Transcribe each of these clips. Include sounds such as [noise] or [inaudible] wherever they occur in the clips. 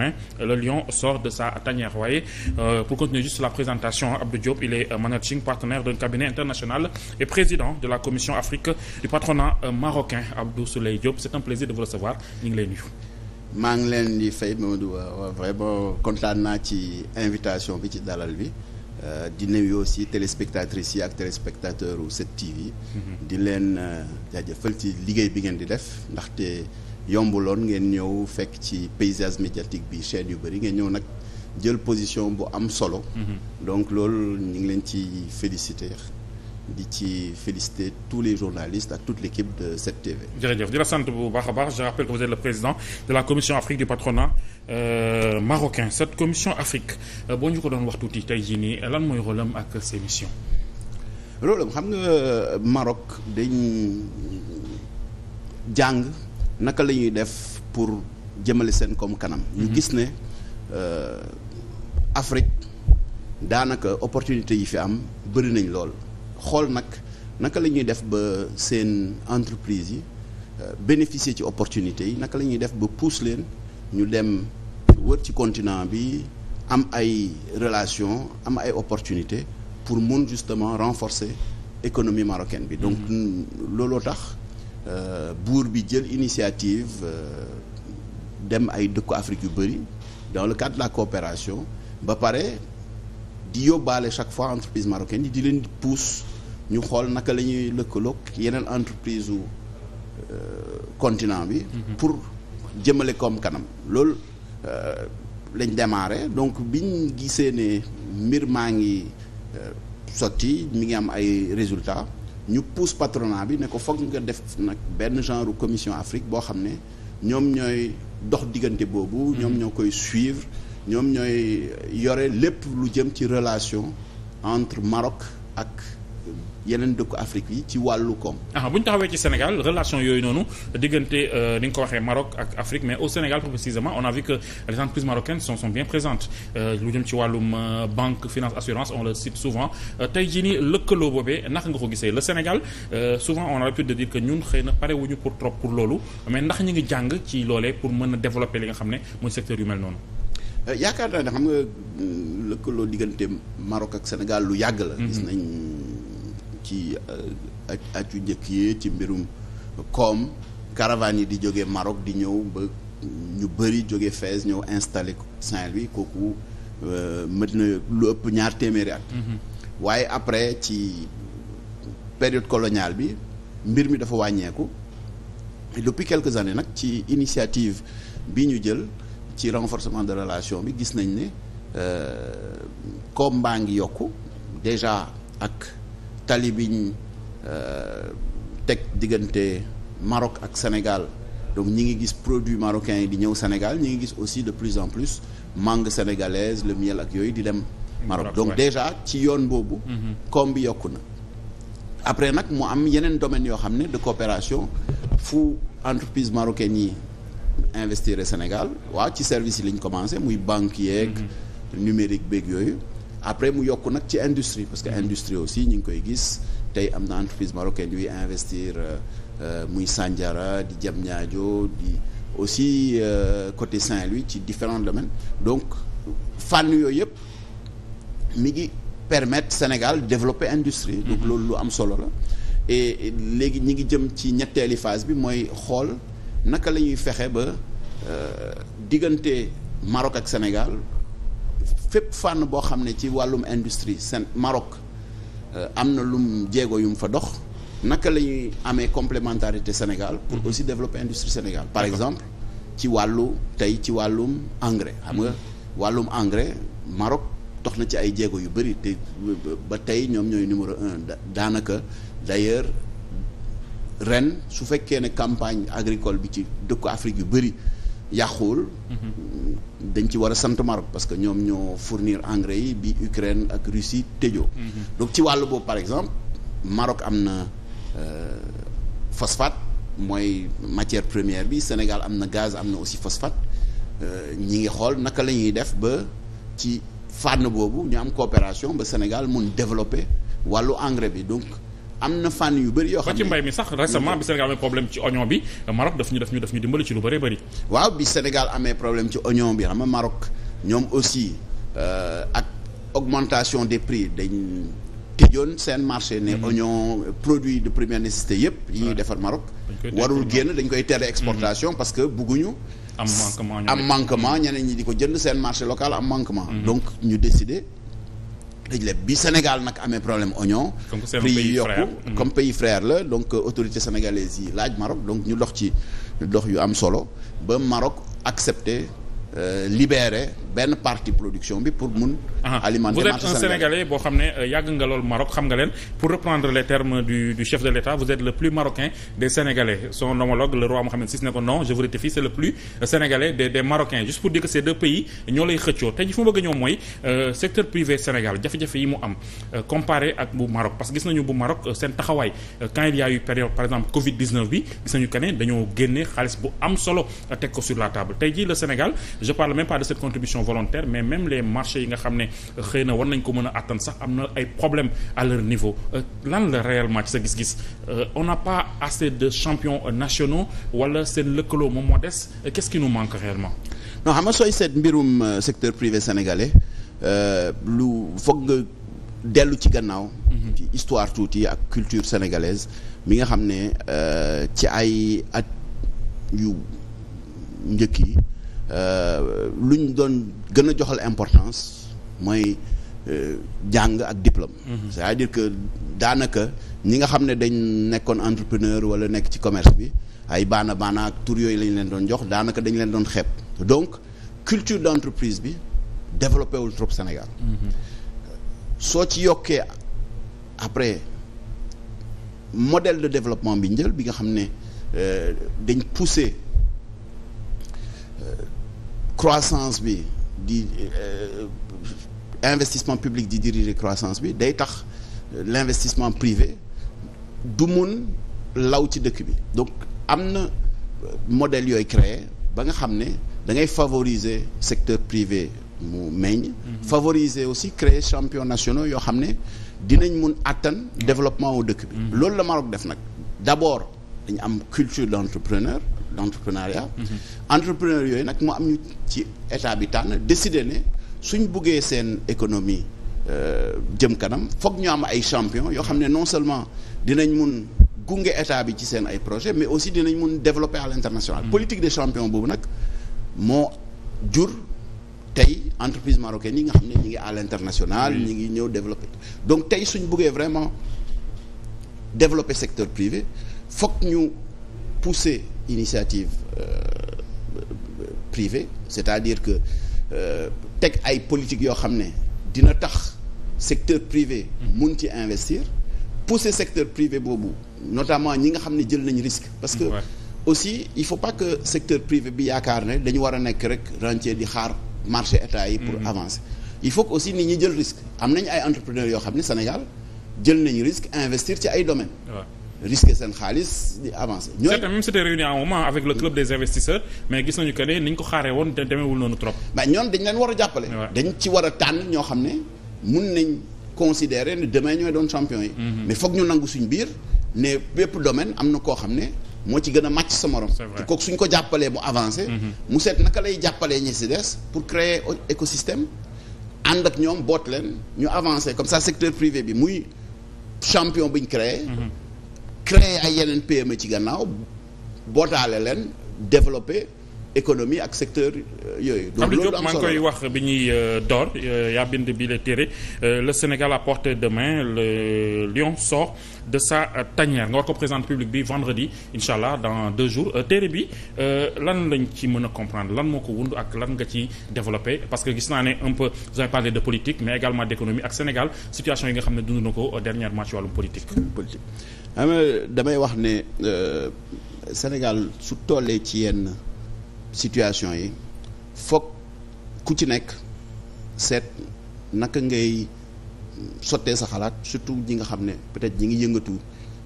main euh, le lion sort de sa tanière waaye euh, pour continuer juste la présentation Abdou Diop il est euh, managing partenaire d'un cabinet international et président de la commission Afrique du patronat marocain Abdou Souley Diop c'est un plaisir de vous recevoir ñu ngi lay maa ngi leen di fay Mamadou vraiment kontaan naa ci invitation bi ci dalal bi di nuyu aussi téléspectatrices yi ak téléspectateurs u 7TV. Mm-hmm. di leen jaajëfal ci liggéey bi ngeen di def ndaxte. yombuloon ngeen ñëw fekk ci paysage médiatique bi chaîne yu bëri ngeen ñëw nag jël position bu am solo. Mhm. donc loolu ñu ngi leen ci féliciter di ci féliciter tous les journalistes ak toute l'équipe de 7TV. jërëjëf di la sant bu baax a baax je rappelle que vous êtes le président de la commission Afrique du patronat euh, marocain cette commission Afrique euh, boo ñu ko doon wax tuuti tey jii nii lan mooy rôle am ak ses missions. rôle xam nga Maroc dañ jàng. naka la ñuy def pour jëmale seen koom kanam. ñu mhm. gis ne euh, Afrique daanaka opportunité yi fi am bëri nañ lool xool nag naka la ñuy def ba seen entreprise yi euh, bénéficier ci opportunité yi naka la ñuy def ba pousse leen ñu dem wër ci continent bi am ay relation am ay opportunité pour mun justement renforcer économie marocaine bi donc mhm. looloo tax Euh, buur bi jël initiative euh, dem ay dëkku Afrique yu bëri dans le cadre de la coopération ba pare di yóbbaale chaque fois entreprise marocaine yi di leen pousse ñu xool naka la ñuy lëkkaloog yeneen entreprise u euh, continent bi mhm. pour jëmale koom kanam loolu lañ démarré donc biñ gisee ne mbir maa ngi sotti mi ngi am ay résultats ñu pousse patronat bi ne ko foog nga def nag benn genre commission Afrique boo xam ne ñoom ñooy dox diggante boobu. ñoom ñoo koy suivre ñoom ñooy yore lépp lu jëm ci relation entre Maroc ak. yeneen dëkk Afrique yi ci wàllu koom. Ah, bu ñu taxawee ci Sénégal relation yooyu noonu diggante euh, ni nga ko waxee Maroc ak Afrique mais au Sénégal précisément on a vu que les entreprises marocaines sont sont bien présentes euh, lu jëm ci wàllum euh, banque finance assurance le cite souvent tey jii ni lëkkaloo boobee naka nga ko gisee la Sénégal souvent on a l'habitude de dire que ñun xëy na pare wuñu pour trop pour loolu mais ndax ñu ngi jàng ci loolee pour mën a développer li nga xam ne mooy secteur yu mel noonu. yaakaar naa ne xam nga mm, lëkkaloo diggante Maroc ak Sénégal lu yàgg la. Mm-hmm. gis nañ. ci euh, at yu njëkk yi ci mbirum koom caravane yi di jóge Maroc di ñëw ba ñu bëri jóge Fès ñëw installé Saint-Louis kooku euh, mën na lu ëpp ñaar téeméeri at mhm. waaye après ci période coloniale bi mbir mi dafa wàññeeku depuis quelques années nag ci initiative bi ñu jël ci renforcement de relation bi gis nañ ne comme euh, baa ngi yokku déjà ak tali biñ euh, teg diggante Maroc ak Sénégal donc ñi ngi gis produit marocains yi di ñëw Sénégal ñi ngi gis aussi de plus en plus mangue sénégalaise le miel ak yooyu di dem Maroc donc déjà ci yoon boobu mhm. koom yokk na après nag mu am yeneen domaines yoo xam ne de coopération fu entreprise marocaine yi investir Sénégal waaw ci service yi lañ commencé muy banque yeeg mhm. numérique beeg yooyu après mu yokk nag ci industrie parce que industrie aussi ñu ngi koy gis tey am na entreprise marocaine yuy investir euh, euh, muy Sandiara di Diamniadio di aussi euh, côté Saint-Louis ci différents domaines donc fànn yooyu yëpp mi ngi permettre Sénégal développer industrie mm-hmm. donc loolu lu am solo la et léegi ñi ngi jëm ci ñetteeli phase bi mooy xool naka la ñuy fexe ba diggante Maroc ak Sénégal fépp fànn boo xam ne ci wàllum industrie seen Maroc euh, am na lum jéego yu mu fa dox naka la ñuy amee complementarité Sénégal pour mm-hmm. aussi développer industrie Sénégal par exemple ci wàllu tey ci wàllum engrais xam nga mm-hmm. wàllum engrais Maroc dox na ci ay jéego yu bëri te ba tey ñoom ñooy numéro un daanaka d'ailleurs ren su fekkee ne campagne agricole bi ci dëkku Afrique yu bëri yàquwul. Mm-hmm. dañ ci war a sant Maroc parce que ñoom ñoo fournir engrais yi bi Ukraine ak Russie tëjoo. Mm-hmm. donc ci wàllu boobu par exemple Maroc am na euh, phosphate mooy matière première bi Sénégal am na gaz am na aussi phosphate euh, ñi ngi xool naka la ñuy def ba ci fànn boobu ñu am coopération ba Sénégal mun développer wàllu engrais bi donc. am na fànn yu bëri yoo xam ne mbay mi sax récemment bi Sénégal amee problème ci oignon bi Maroc daf ñu daf ñu daf ñu dimbali ci lu bëri bëri. waaw bi Sénégal amee problème ci oignon bi xam nga Maroc ñoom aussi euh, ak augmentation des prix dañ tëjoon seen marché ne mhm. oignon produit de première nécessité yëpp yi ñuy defar Maroc warul génn dañ koy tere exportation mhm. parce que bugguñu am manquement ñeneen ñi di ko jënd seen marché local am manquement mhm. donc ñu décider tëj bi Sénégal nag amee problème oignon prix yu yokku mm-hmm. comme pays frère la donc euh, autorité sénégalaise yi laaj Maroc donc ñu dox ci dox yu am solo ba Maroc accepté Euh, libérer benn parti production bi pour mun. alimenter marché sénégalais vous êtes un sénégalais boo xam ne euh, yàgg nga loolu Maroc xam nga leen pour reprendre les termes du du chef de l'État vous êtes le plus marocain des sénégalais son homologue le roi Mohamed VI ne ko non je vous rectifie c'est le plus euh, sénégalais des des juste pour dire que ces pays ñoo lay xëccoo tey ji fu ma bëgg a mooy euh, secteur privé Sénégal jafe-jafe yi mu am comparé ak bu Maroc parce que gis nañu bu Maroc seen taxawaay quand il y par exemple Covid 19 bi gis nañu que ne dañoo génne xaalis bu am solo teg ko sur la table tey ji le Sénégal. je parle même pas de cette contribution volontaire mais même les marchés yi nga xam ne xëy na war nañ ko mën a attan sax am na ay problème à leur niveau euh, lan la réellement ci sa gis-gis euh, on n'a pas assez de champions nationaux wala seen lëkkaloo moom moo des que euh, qu'est-ce qui nous manque réellement non xam nga sooy seet mbirum secteur privé sénégalais lu foog nga dellu ci gannaaw mhm. ci histoire touti ak culture sénégalaise mi nga xam ne ci ay at yu njëkk yi lu ñu doon gën a joxal importance mooy euh, jàng ak diplôme. Mhm. c'est-à-dire que daanaka ñi nga xam ne dañ nekkoon entrepreneur wala nekk ci commerce bi ay baana baana ak tur yooyu lañ leen doon jox daanaka dañ leen doon xeeb donc culture d'entreprise bi développé wul trop Sénégal. Mhm. soo ci yokkee après modèle de développement bi njël bi nga xam ne euh, dañ poussé. croissance bi di euh, investissement public di diriger croissance bi day tax euh, l'investissement privé du mun law ci dëkk bi donc am na euh, modèle yooyu créé ba nga xam ne da ngay favoriser secteur privé mu meññ mhm. favoriser aussi créer champion nationaux yoo xam ne dinañ mun àttan développement wu dëkk bi mhm. loolu la Maroc def nag d'abord dañ am culture d'entrepreneur d' entrepreneuriat. entrepreneur yooyu nag moo am ñu ci état bi tànn décider ne suñ buggee seen économie euh, jëm kanam foog ñu am ay champion yoo xam ne non seulement dinañ mun gunge état bi ci seen ay projet mais aussi dinañ mun développer à l' international. Mm-hmm. politique des champions boobu nag moo jur. tey entreprise marocaine yi nga xam ne ñu ngi à l'international ñi ngi ñëw développé donc tey suñ buggee vraiment développer secteur privé foog ñu pousser initiative euh, privée c'est-à-dire que euh, teg ay politique yoo xam ne dina tax secteur privé mun ci investir pousser secteur privé boobu notamment ñi nga xam ne jël nañu risque parce que aussi il faut pas que secteur privé bi yaakaar ne dañu war a nekk rek rentier di xaar marché état yi pour mm-hmm. avancer il faut que aussi nit ñi jël risque am nañ ay entrepreneurs yoo xam ne Sénégal jël nañu risque investir ci ay domaines risquer seen xaalis di avancer. ñooñu même c'était réuni à un avec le club des investisseurs mais gis nañu que ne ni ñu ko xaaree woon demeewul noonu trop. mais ñoom dañ leen war a jàppale. dañ ci war a tànn ñoo xam ne mun nañ considérer ne demain ñooy doon champion yi. Mhm. mais foog ñu nangu suñ biir ne bépp domaine am na koo xam ne. moo ci gën a màcc sa morom te kooku suñ ko jàppalee mu avancé mhm. mu seet naka lay jàppalee ñi si des pour créer écosystème ànd ak ñoom boot leen ñu avancé comme ça secteur privé bi muy champion bi ñu créer ay yeneen PME ci gannaaw bootaale leen développé économie ak secteur euh, yooyu. donc loolu maa ngi koy wax bi ñuy euh, door euh, yaa bind bi la téere le Sénégal à portée de main le lion sort de sa tanière nga war ko présenter public bi vendredi incha allah dans deux jours téere bi lan lañ ci mën a comprendre lan moo ko wund ak lan nga ci développé parce que gis naa ne un peu vous avez parlé de politique mais également d'économie ak Sénégal situation yi nga xam ne dund na ko dernièrement ci wàllum politique. politique damay wax ne Sénégal su tollee ci yenn. situation yi foog ku ci nekk seet naka ngay sottee sa xalaat surtout ñi nga xam ne peut-être ñi ngi yëngatu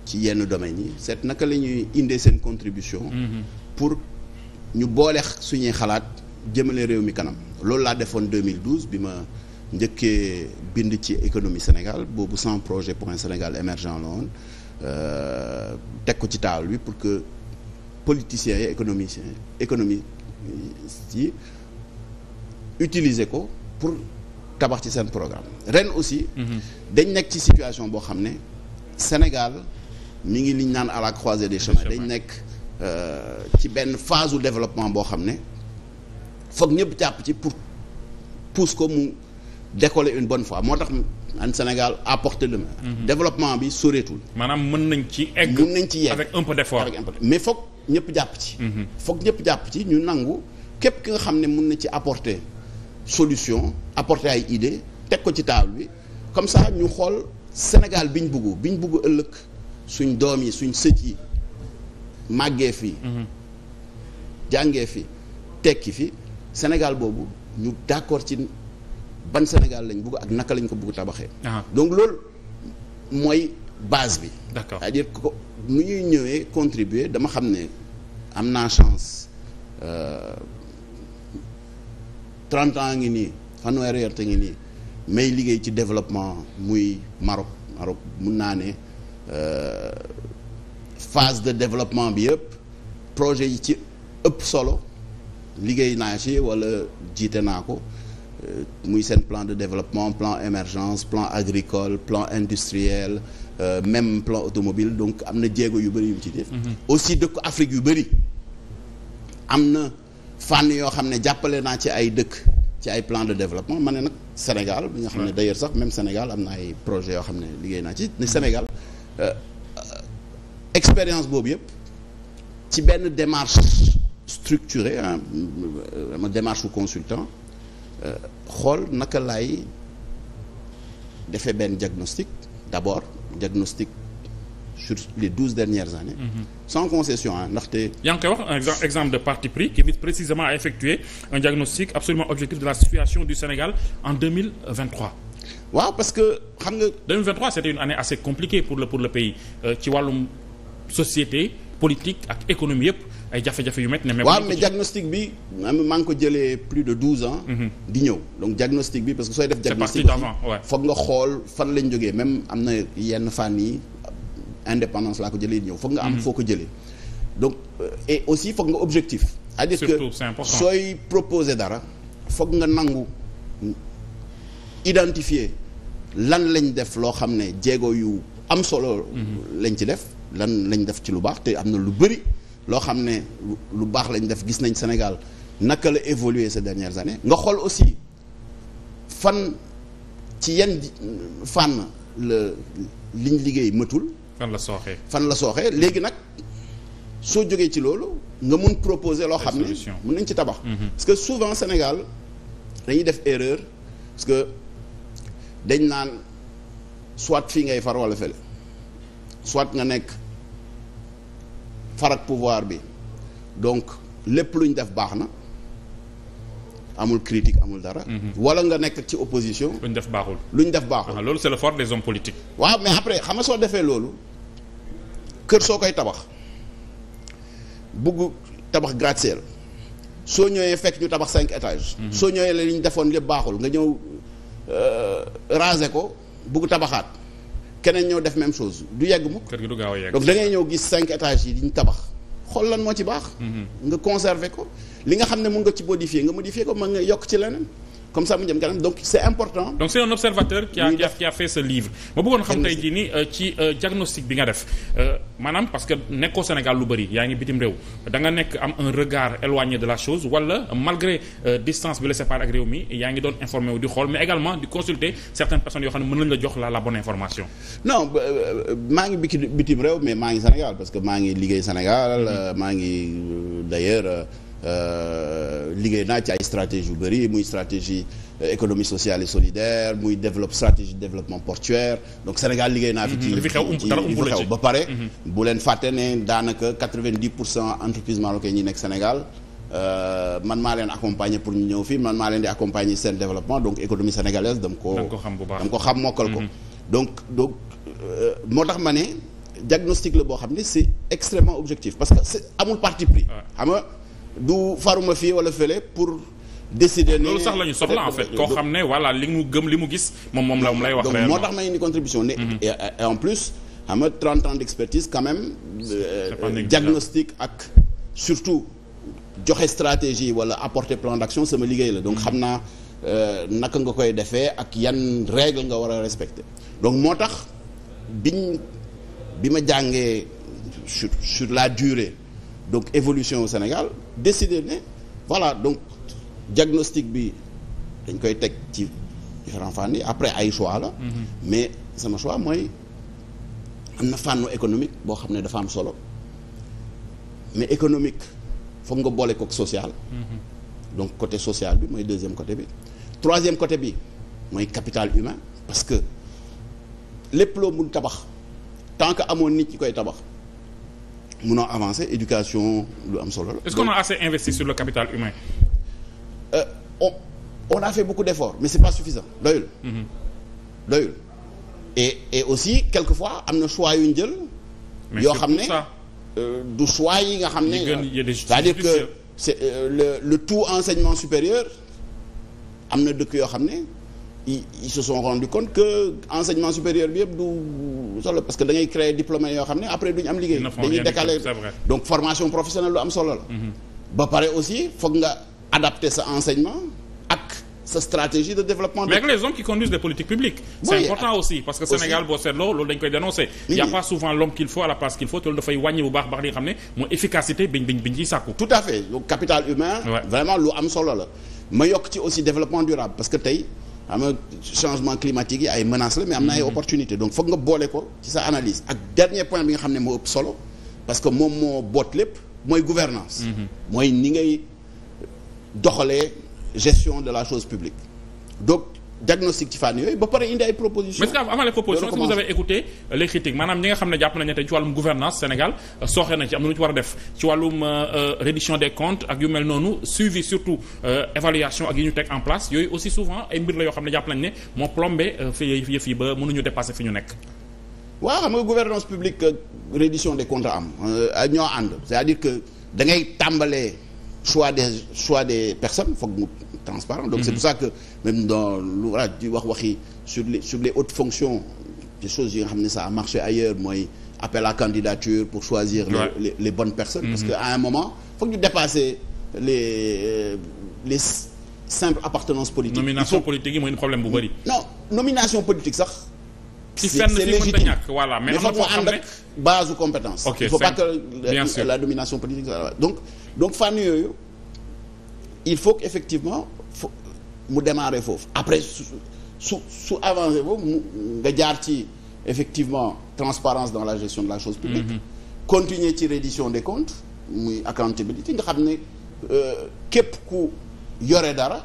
ci yenn domaines yi seet naka la ñuy indee seen contribution. Mhm. pour ñu boole suñuy xalaat jëmale réew mi kanam. loolu laa defoon 2012 bi ma njëkkee bind ci économie Sénégal boobu sans projet point Sénégal émergent la euh, teg ko ci taal bi pour que politiciens yi économiciens économie ci utiliser ko pour tabax ci seen programme ren aussi mhm. dañ nekk ci situation boo xam ne Sénégal mi ngi liñ naan à la croisée des chemins dañ nekk euh, ci benn phase développement boo xam ne foog ñëpp càpp ci pour pousse ko mu décoller une bonne fois moo tax an Sénégal à portée de main mhm. développement bi soreetul maanaam mën nañ ci egg mën nañ ci yegg avec un peu d'effort mais foog ñëpp jàpp ci. foog ñëpp jàpp ci ñu nangu képp ki nga xam ne mun na ci apporter solution apporter ay idées teg ko ci taal bi comme ça ñu xool Sénégal biñ bugg biñ bugg ëllëg suñ doom yi suñ sët yi màggee fi. jàngee fi tekki fi Sénégal boobu ñu d'accord ci ban Sénégal lañ bugg ak naka lañ ko bugg tabaxee. donc loolu mooy. base bi. d'accord c'est-à-dire que ñuy ñëwee contribuer dama xam ne am naa chance euh, trente ans ngi nii fanweeri at ngi nii may liggéey ci développement muy marok marok mun naa ne euh, phase de développement bi yëpp projet yi ci ëpp solo liggéey naa ci walla jiite naa ko. Euh, muy seen plan de développement plan émergence plan agricole plan industriel euh, même plan automobile donc am na jéego yu bëri yu ci def mhm. aussi dëkk Afrique yu bëri am na fànn yoo xam ne jàppale naa ci ay dëkk ci ay plan de développement ma ne nag Sénégal bi nga xam ne d'ailleurs sax même Sénégal am na projet yoo xam ne liggéey naa ci ni Sénégal euh, euh, expérience boobu yëpp ci benn démarche structurée démarche consultant Euh, xool naka laay defee benn diagnostic d'abord diagnostic sur les douze dernières années. Mm -hmm. sans concession ah ndaxte. yaa ngi koy wax exemple de parti pris qui vise précisément à effectuer un diagnostic absolument objectif de la situation du Sénégal en deux mille vingt waaw parce que xam nga. deux mille vingt trois c'était une année assez compliquée pour le pour le pays euh, ci euh, wàllum société politique ak économie yëpp. ay jafe-jafe yu métti ne. waaw mais diagnostic bi maa ngi ko jëlee plus de douze ans. Mhm. di ñëw donc diagnostic bi parce que sooy def. diagnostic bi foog nga xool fan lañ jógee même am na yenn fànn yi indépendance laa ko jëlee di ñëw foog nga am mhm. foo ko jëlee. donc euh, et aussi foog nga objectif. c'est-à-dire que sooy proposer dara. foog nga nangu identifier lan lañ def loo xam ne jéego yu am solo. Mhm. lañ ci def lan lañ def ci lu baax te am na lu bëri. loo xam ne lu baax lañ def gis nañ Sénégal naka la évoluer ces dernières années nga xool aussi fan ci yenn fànn la liñ liggéey mëtul fan la sooxee fan la sooxee léegi nag soo jógee ci loolu nga mun proposer loo xam ne mun nañ ci tabax mm-hmm. parce que souvent Sénégal dañuy def erreur parce que dañ naan soit fii ngay far wala fële soit nga nekk farak pouvoir bi donc lépp lu ñu def baax na amul critique amul dara. Mhm. wala nga nekk ci opposition. lu ñu def baaxul lu ñu def baaxul. loolu c'est le fort des hommes politiques. waaw mais après xam nga soo defee loolu kër soo koy tabax bugg tabax gratte-ciel soo ñëwee fekk ñu tabax cinq étages. Mhm. soo ñëwee la li ñu defoon lépp baaxul nga ñëw euh, raser ko bugg tabaxaat. keneen ñëw def même chose du yegg mukk kër donc da ñëw gis cinq étages yi di ñu tabax xool lan moo ci baax mm-hmm. nga conserver ko li nga xam ne mën nga ci modifier nga modifier ko mën nga yokk ci leneen comme ça mu jëm kanam donc c'est important. donc c'est un observateur. qui a qui a, qui euh, ci euh, diagnostic bi nga def euh, maanaam parce que nekkoo Sénégal lu bëri yaa ngi bitim réew da nekk am un regard éloigné de la chose wala malgré distance bi la sépare ak réew mi yaa ngi doon informé wu di xool mais également di consulter certaines personnes yoo xam ne mën nañ la jox la la bonne information. non maa ngi bitim réew mais maa ngi Sénégal parce que maa mm-hmm. maa ngi d'ailleurs. Euh, liggéey naa ci ay stratégie yu bëri muy stratégie euh, économie sociale et solidaire muy développe stratégie de développement portuaire donc Sénégal liggéey naa fi mhm. ci fi xew ba pare mhm. bu leen fàtte ne daanaka quatre-vingt-dix pour cent entreprise marocaine ñi nekk Sénégal euh, man maa leen accompagner pour ñu ñëw fii man maa leen di accompagner seen développement donc économie sénégalaise dam ko dam ko xam mokkal ko mhm. donc donc moo tax ma ne diagnostic la boo xam ne c'est extrêmement objectif parce que c'est amul parti pris xam du faruma fii wala fële pour décider ne loolu sax la ñu soxla en fait koo xam ne voilà li mu gëm li mu gis moom moom la mu lay wax donc moo tax may indi contribution ne mhm. et en plus xam nga 30 ans d'expertise quand même euh, diagnostic ak surtout joxe stratégie wala apporter plan d'action sama liggéey la donc mhm. xam naa euh, naka nga koy defee ak yan règle nga war a respecter donc moo tax biñ bi ma jàngee sur sur la durée donc évolution Sénégal décider ne voilà donc diagnostic bi dañ koy teg ci différents fànn après ay choix la. Mhm. mais sama choix mooy am na fànno économique boo xam ne dafa am solo mais économique foog nga boole kook social. Mhm. donc côté social bi mooy deuxième côté bi. troisième côté bi mooy capital humain parce que lépp loo mun tabax tant que amoon nit ñi koy tabax. munoo avancé éducation lu am solo la. est-ce qu'on a assez investi sur le capital humain. Euh, on a fait beaucoup d'efforts mais c'est pas suffisant doyul. Mhm. doyul et et aussi quelquefois am na choix yu ñu jël. yoo xam ne euh, du choix yi nga xam ne. cest à euh, le le tout enseignement supérieur am na dëkk yoo xam ne. ils, se sont rendu compte que enseignement supérieur bi yëpp du solo parce que da ngay créer diplômé yoo xam ne après duñu am liggéey dañuy décaler donc formation professionnelle lu am solo la mhm. ba pare aussi foog nga adapter sa enseignement ak sa stratégie de développement. mais ah, loolu dañ koy dénoncer. il y a pas souvent l'homme qu'il faut à la place qu'il faut tout à fait capital humain. vraiment lu am solo la. ma yokk ci aussi développement durable parce am changement climatique yi ay menaces la mais am na ay mm-hmm. opportunités donc foog nga boole ko ci sa analyse ak dernier point bi nga xam ne moo ëpp solo parce que moom moo boot lépp mooy gouvernance mm-hmm. mooy ni ngay doxalee gestion de la chose publique diagnostic ci fànn yooyu ba pare indi ay propositions. mais avant les propositions si vous avez écouté euh, les critiques maanaam ñi nga xam ne jàpp nañu ne tey ci wàllum gouvernance Sénégal euh, sooxe na a def ci wàllum euh, reddition ak yu mel noonu suivi surtout évaluation ak yi ñu teg en place yooyu aussi souvent ay mbir la yoo xam ne jàpp nañu ne moo plombé fii yëf yi ba mënuñu dépasser fi ñu nekk. waaw xam gouvernance publique reddition des comptes am ñoo ànd c'est-à-dire que da ngay tàmbalee choix de choix de personnes foog mu transparent donc mm -hmm. c'est mhm. pour ça que même dans l'ouvrage di wax waxi sur sur les hautes fonctions des choses yi nga xam ne ça a marché ailleurs mooy appel à candidature pour choisir ouais. les, les, les bonnes personnes mm -hmm. parce mhm. que à un moment faut que dépasser les euh, les simples appartenances politiques nomination faut... politique yi mooy problème bu bëri non nomination politique sax ci fenn si mënta ñàkk voilà mais am na foo base de compétence. il faut pas que la, la domination politique il faut effectivement fo mu démarrer foofu après su su su avancer foofu mu nga jaar ci effectivement transparence dans la gestion de la chose publique mm -hmm. continuer ci reddition des comptes muy accountability nga xam ne euh, képp ku yore dara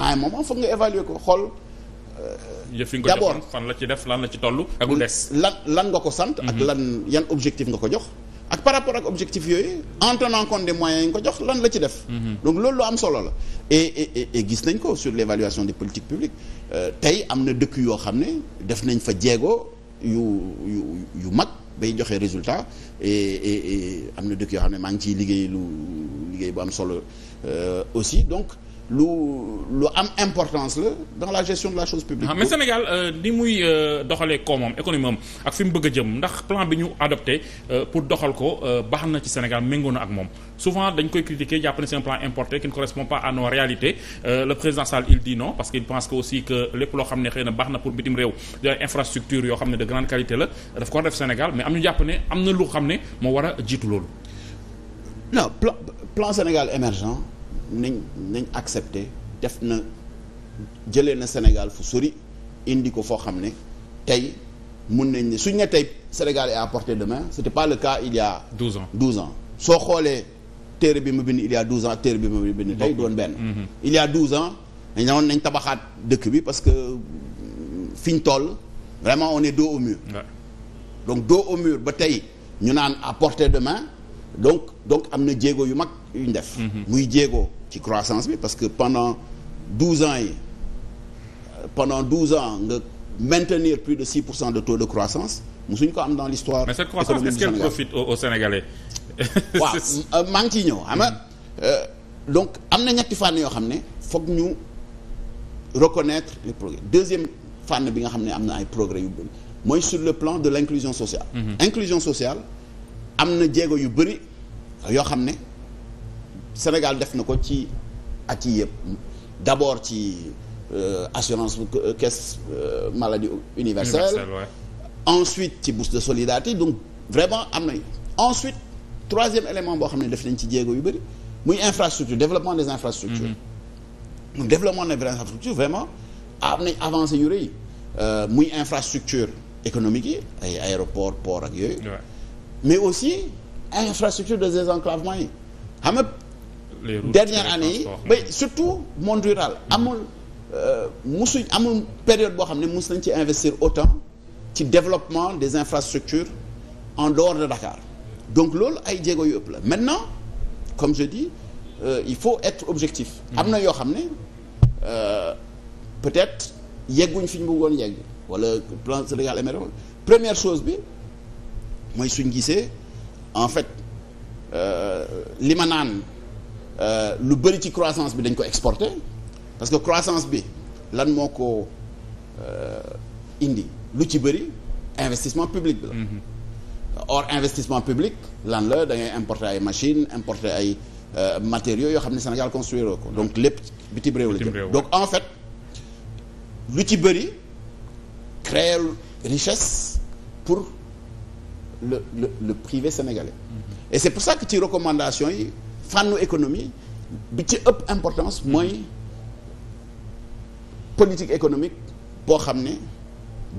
à un moment foog nga évaluer ko xool euh, yëf yi nga ko fan la ci def lan la ci toll ak lu des lan lan nga ko sant ak mm-hmm. lan yan objectif nga ko jox ak par rapport ak objectif yooyu en tenant compte des moyens yi nga ko jox lan la ci def. Mhm. donc loolu lu am solo la. et et et gis nañ ko sur l' évaluation des politiques publiques euh, tey am na dëkk yoo xam ne def nañ fa jéego yu yu yu mag bay joxe résultat et am na dëkk yoo xam ne maa ngi ciy liggéey lu liggéey bu am solo euh, aussi donc. lu lu am importance la dans la gestion de la chose publique. Ah, mais Sénégal li euh, muy euh, doxalee koomam économie am ak fi mu bëgg a jëm ndax plan bi ñu adopté euh, pour doxal ko baax na ci Sénégal méngoo na ak moom souvent dañ koy critiquer jàpp ne c'est un plan importé qui ne correspond pas à nos réalités le président Sall il dit non parce qu'il pense que aussi que lépp loo xam ne xëy na baax na pour bitim réew da infrastructure yoo xam ne de grande qualité la d ko def Sénégal mais am jàpp ne am na lu xam ne moo war a jiitu loolu. Sénégal émergent. nañ nañ accepter def na jëlee na Sénégal fu sori indi ko foo xam ne tey mun nañ ne suñ ne tey Sénégal est à portée de main c'était pas le cas il y a. 12 ans 12 ans soo xoolee téere bi ma bind il y a ans ak téere bi ma bind tey doon benn. Mhm. il y a 12 ans dañ nañ tabaxaat dëkk bi parce que fi ñu toll vraiment on ne dos au mur. donc dos au mur ba tey ñu naan à portée de main donc donc am na jéego yu mag yuñ def. Mhm. muy jéego. ci croissance bi parce que pendant douze ans yi pendant douze ans nga maintenir plus de six pour cent de taux de croissance musuñu ko am dans l'histoire mais cette croissance est-ce qu'elle profite aux [laughs] euh, maa ngi ciy ñëw xam euh, donc am na ñetti fànn yoo xam ne foog ñu reconnaître les progrès deuxième fànn bi nga xam ne am na ay progrès yu bëri mooy sur le plan de l'inclusion sociale mm -hmm. inclusion sociale am na jéego yu bëri yoo xam ne Sénégal def na ko ci ak yi yëpp d'abord ci euh, assurance euh, caisse euh, maladie universelle ensuite ci bourse de solidarité donc vraiment am na nañ ensuite troisième élément boo xam ne def nañ ci jéego yu bëri muy infrastructure développement des infrastructures mm-hmm. donc développement des infrastructures vraiment am nañ avancé yu rëy muy infrastructure économique yi ay aéroport port ak yooyu mais aussi infrastructure de désenclavement yi xam les routes année yi ba surtout monde rural amul euh, musuñ amul période boo xam ne mus nañ ci investir autant ci développement des infrastructures en dehors de Dakar donc loolu ay jéego yu ëpp la maintenant comme je dis euh, il faut être objectif am na yoo xam ne euh, peut-être yegguñ fi ñu bëggoon yegg wala plan Sénégal émergent première chose bi mooy suñ gisee en fait euh, li ma naan Euh, lu bëri ci croissance bi dañ ko exporté parce que croissance bi lan moo ko euh, indi lu ci bëri investissement public bi la. Mm-hmm. or investissement public lan la da ngay ay machines importer ay euh, matériaux yoo xam ne Sénégal construire ko mm-hmm. donc lépp bitim réew la jëm donc en fait lu ci bëri créer richesse pour le le le privé sénégalais. Mm-hmm. et c'est pour ça que ci recommandation yi. fànnu économie bi ci ëpp importance mooy politique économique boo xam ne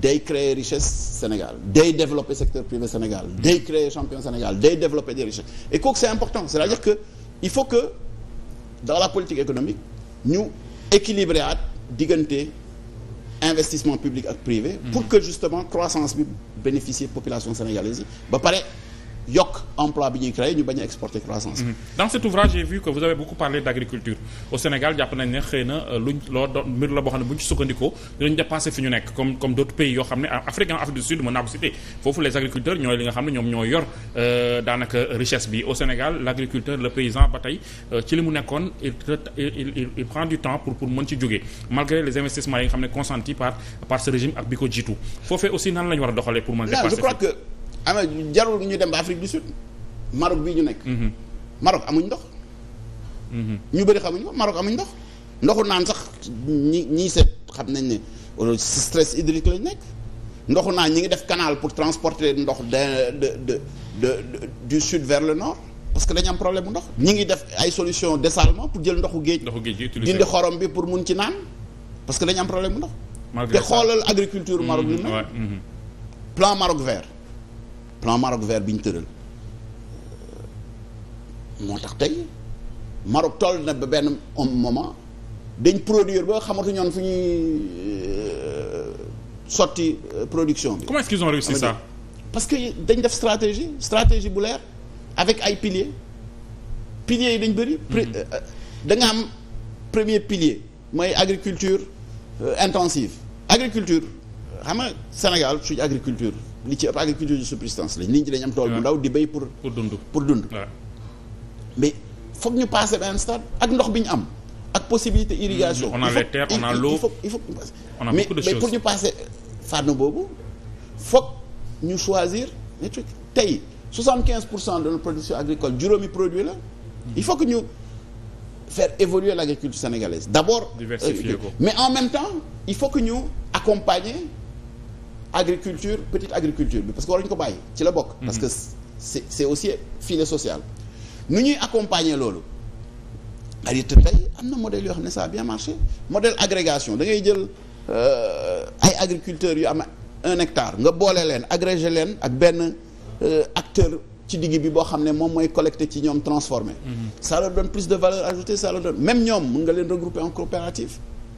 day créer richesse Sénégal day développer secteur privé Sénégal day créer champion Sénégal day développer des richesses et kooku c'est à dire que il faut que dans la politique économique ñu équilibrer at diggante investissement public ak privé mm-hmm. pour que justement croissance bi bénéficier population sénégalaise ba pare yokk emploi bi ñuy créer ñu bañ a exporter croissance. Mhm. dans cet ouvrage j'ai vu que vous avez beaucoup parlé d'agriculture au Sénégal jàpp ne xëy na euh, luñ loo doon mbir la boo xam ne bu ñu sukkandikoo dinañ dépassé fi ñu nekk comme comme pays yoo xam ne Afrique Afrique du Sud mën naa ko citer foofu les agriculteurs ñooy li nga xam ne ñoom ñoo yor euh, daanaka richesse bi au Sénégal l'agriculteur le paysan ba tey euh, ci li mu nekkoon il il il prend du temps pour ana jarul ñu dem ba Afrique du Sud Maroc bii ñu nekk. Mhm. Maroc amuñ ndox. Mhm. ñu bëri xamuñ ko amuñ ndox ndoxu naan sax ñi ñii seet xam nañ ne oh, stress hydrique lañ nekk ndoxu naan ñi ngi def kanaal pour transporter ndox de de de de du sud vers le nord. parce que dañu am problème bu ndox ñi ngi def ay solution dessalement pour jël ndoxu géej dindi xorom bi pour mun ci naan parce que dañu am problème bu ndox te xoolal agriculture Maroc li na mhm. plan Maroc vert plan Maroc vert bi ñu tëral moo tax tey Maroc toll na ba benn moment dañ produire ba xamatu ñoon fu ñuy euh, sotti euh, production bi. comment parce que dañ def stratégie stratégie bu leer avec ay piliers piliers yi dañ bëri. Mm-hmm. Euh, da nga am premier pilier mooy agriculture intensive agriculture xam nga Sénégal suñu agriculture. li ci ëpp agriculture de subsistance lañ nit ñi dañ am tool bu ndaw di béy pour pour pour dund mais foog ñu passer benn stade ak ndox bi ñu am ak possibilité mm, irrigation a les terres on a l'eau il faut il faut ñu passer fànn boobu foog ñu choisir les trucs tey 75 pour cent de notre production agricole juróomi produit la mm. il faut que ñu faire évoluer l'agriculture sénégalaise d'abord euh, ko mais en même temps il faut que ñu accompagner agriculture petite agriculture bi parce que ñu ko bàyyi ci la bokk. Mm-hmm. parce que c'est c'est aussi filet social. nu ñuy accompagner loolu ay te tey am na modèle yoo xam ne ça bien marché model agrégation da ngay jël euh, ay agriculteurs yu am un hectare nga boole leen agrégé leen ak benn euh, acteur ci digg bi boo xam ne moom mooy collecté ci ñoom transformé. Mm-hmm. ça leur donne plus de valeur ajoutée ça leur donne même ñoom mën nga leen regrouper en coopérative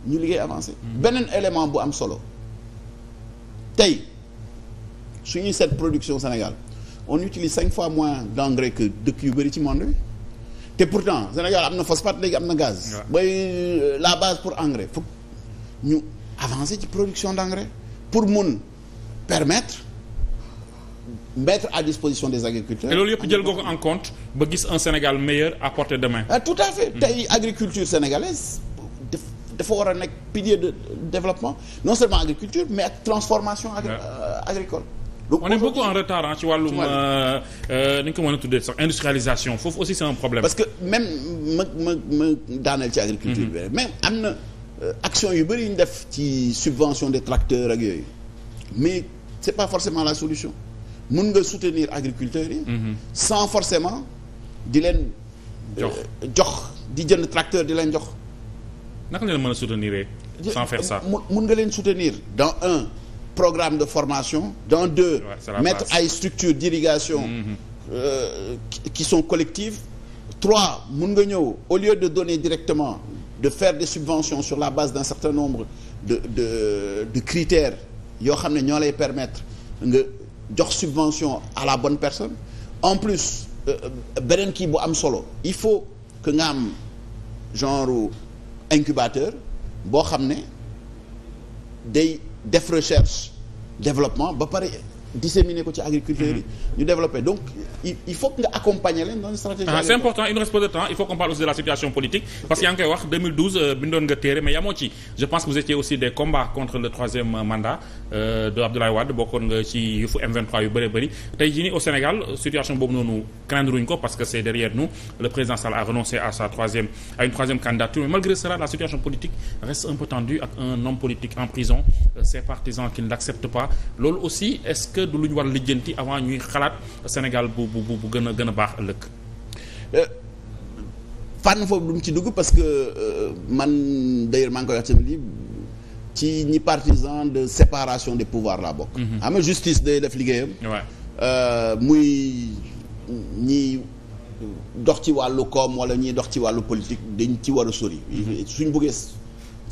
ñu liggéey avancé. Mm-hmm. beneen élément bu am solo. tey suñuy seet production Sénégal on utilise cinq fois moins d'engrais que dëkk yu bëri ci monde bi te pourtant Sénégal am na phosphate léegi am na gaz. bay euh, la base pour engrais foog ñu avancer ci production d'engrais pour mun permettre. mettre à disposition des agriculteurs. et loolu yëpp jël nga ko en compte ba gis un Sénégal meilleur à portée de main. Euh, tout à fait mm. tey agriculture sénégalaise. dafa war a nekk pilier de développement non seulement agriculture mais ak transformation euh, agricole lu on est beaucoup en retard ah ci wàllum euh, euh, ko mën a tuddee sax industrialisation foofu aussi c'est un parce que même ma ma ma daaneel ci agriculture bi même am na action yu bëri yu ñu def ci subvention de tracteurs ak yooyu mais c'est pas forcément la solution mun nga soutenir agriculteurs yi. Mhm. sans forcément di leen. jox di jënd tracteur di leen jox. naka leen mën a soutenir sans faire ça. mun nga leen soutenir dans un programme de formation dans deux ouais, à ay structures d'irrigation mm -hmm. euh, qui sont collectives trois mun nga ñëw au lieu de donner directement de faire des subventions sur la base d'un certain nombre de de de critères yoo xam ne ñoo lay permettre nga jox subvention à la bonne personne en plus euh, euh, beneen kii bu am solo il faut que nga am genre incubateur boo xam ne day def recherche développement ba pare disséminer ko ci agriculteurs yi. Mhm. ñu donc il faut que nga accompagner leen dans une stratégie. ah c'est de temps il faut qu'on parle aussi de la situation politique parce que yaa ngi wax 2012 euh, bindoon nga téere mais yamoo ci je pense que vous étiez aussi des combats contre le troisième euh, mandat euh, de Abdoulaye Wade bokkoon nga ci yëfu M23 yu bëree bëri tey au Sénégal situation boobu noonu craindre ko parce que c'est derrière nous le président que du lu ñu war a lijjanti avant ñuy xalaat Sénégal bu bu bu gën a gën a baax ëllëg. Euh, fànn foofu lu mu ci dugg parce que euh, man d'ailleurs maa ngi koy wax tamit ci ñi partisan de séparation de pouvoirs laa bokk. Mm-hmm. xam nga justice day def liggéeyam. Euh, muy ñi dox ci wàllu koom wala ñiy dox ci wàllu politique dañ ci war sori. Mm-hmm. suñ bëggee.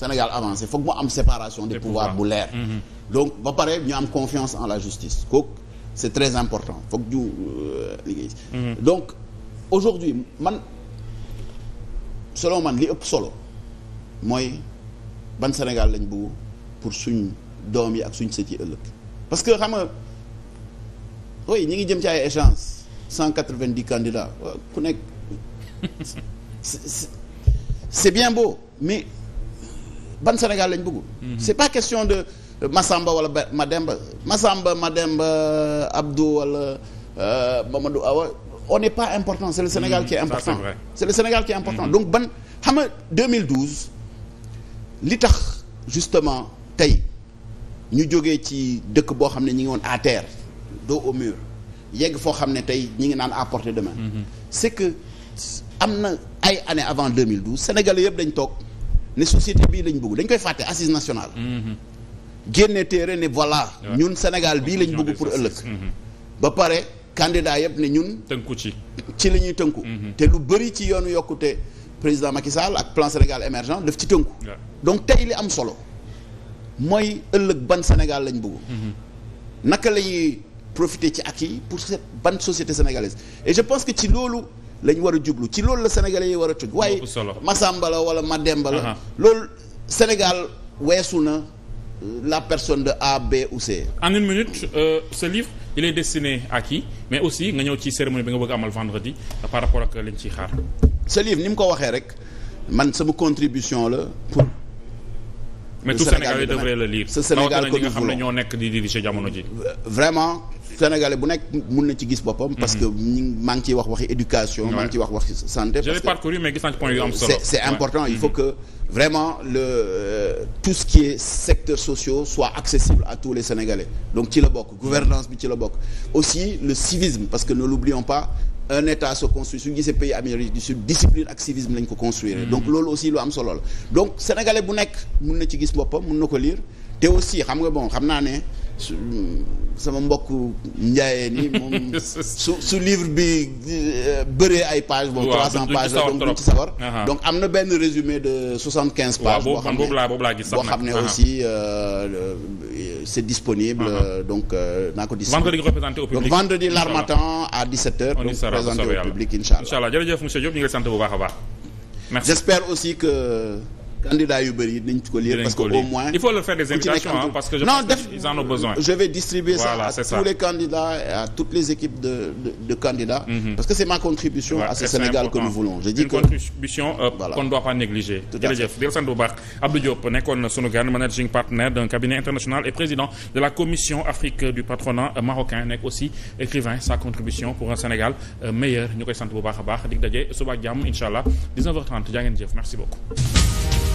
Sénégal avancé foog mu am séparation des pouvoirs bu leer mm-hmm. donc ba pare ñu am confiance en la justice kooku c'est très important foog ñu euh, liggéey mm-hmm. donc aujourd'hui man solo man li ëpp solo mooy ban Sénégal lañ bëgg pour suñ doom yi ak suñ sët yi ëllëg parce que xam nga oui ñi ngi jëm ci ay échéances cent quatre-vingt-dix candidats ku nekk [laughs] c'est bien beau mais ban Sénégal lañ bëggul mhm. c'est pas question de Massamba wala Mademba Massamba Mademba Abdou wala euh, Mamadou Awa on n'est pas important c'est le Sénégal mhm. qui est important c'est le Sénégal qui est important mhm. donc ban xam nga 2012 li tax justement tey ñu jógee ci dëkk boo xam ne ñi ngi woon à terre dos au mur yegg foo xam ne tey ñi ngi naan à portée de main c'est que am na ay années avant 2012 Sénégalais yëpp dañ toog ne société bii lañ bëgg dañ koy fàtte assise nationale. Mhm. génne téere ne voilà. ñun Sénégal bii lañ bëgg pour ëllëg. Mhm. ba pare candidat yëpp ne ñun. tënku ci ci la ñuy tënku. Mhm. te lu bëri ci yoonu yokkute président Macky Sall ak plan Sénégal émergent daf ci tënku. donc tey li am solo mooy ëllëg ban Sénégal lañ bëgg. naka la ñuy ci ak yi pour cette ban société sénégalaise et je pense que ci loolu. la war a jublu ci loolu la sénégalais yi war a tëj waaye Masamba la wala Mademba la loolu Sénégal weesu na euh, la personne de A B ou C. en une minute euh, ce livre il est destiné à qui mais aussi nga ñëw ci cérémonie bi nga bëgg amal vendredi par rapport ak liñ ciy xaar. ce livre ni mu ko waxee rek man sama contribution la pour. ma tout Sénégalais devrait le lire. ce Sénégal que nous voulons bu nekk mun na ci gis boppam. parce que mhm. maa ngi ciy wax waxi éducation. maa ngi ciy wax waxi santé. je l'ai parcouru mais gis naa ci c'est important il mhm. faut que vraiment le euh, tout ce qui est secteur social soit accessible à tous les Sénégalais donc ci la bokk gouvernance bi ci la bokk aussi le civisme parce que ne l'oublions pas. un état se construit suñu gisee pays Amérique du Sud discipline ak civisme lañ ko construire mm. donc loolu aussi lu am solo la donc sénégalais bu nekk mun na ci gis boppam mun na ko liir te aussi xam nga bon xam naa ne sama mbokk njaayee ni moom [laughs] su su livre bi euh, bëree ay page bon trois cent pages la donc am na benn résumé de soixante quinze pages boo xam ne boo xam ne aussi euh, euh, c'est disponible donc naa ko disponible donc vendredi l'harmattan à 17h donc présenté au public incha allah jërëjëf monsieur Diop ñu ngi sant bu baax a baax j'espère aussi que candidat bëri nañ ko lire parce que au moins. il faut leur faire des invitations hein, parce que je vais distribuer à tous les candidats et à toutes les équipes de candidats. Mhm. parce que c'est ma contribution à ce Sénégal que nous voulons. une contribution euh, qu'on ne doit pas négliger. tout bu baax Abdou Diop nekkoon sunu gan managing partner d'un cabinet international et président de la commission Afrique du patronat marocain nekk aussi écrivain sa contribution pour un Sénégal euh, meilleur ñu koy sant bu baax a baax dig daje suba ak jàmm incha allah 19h30 jaa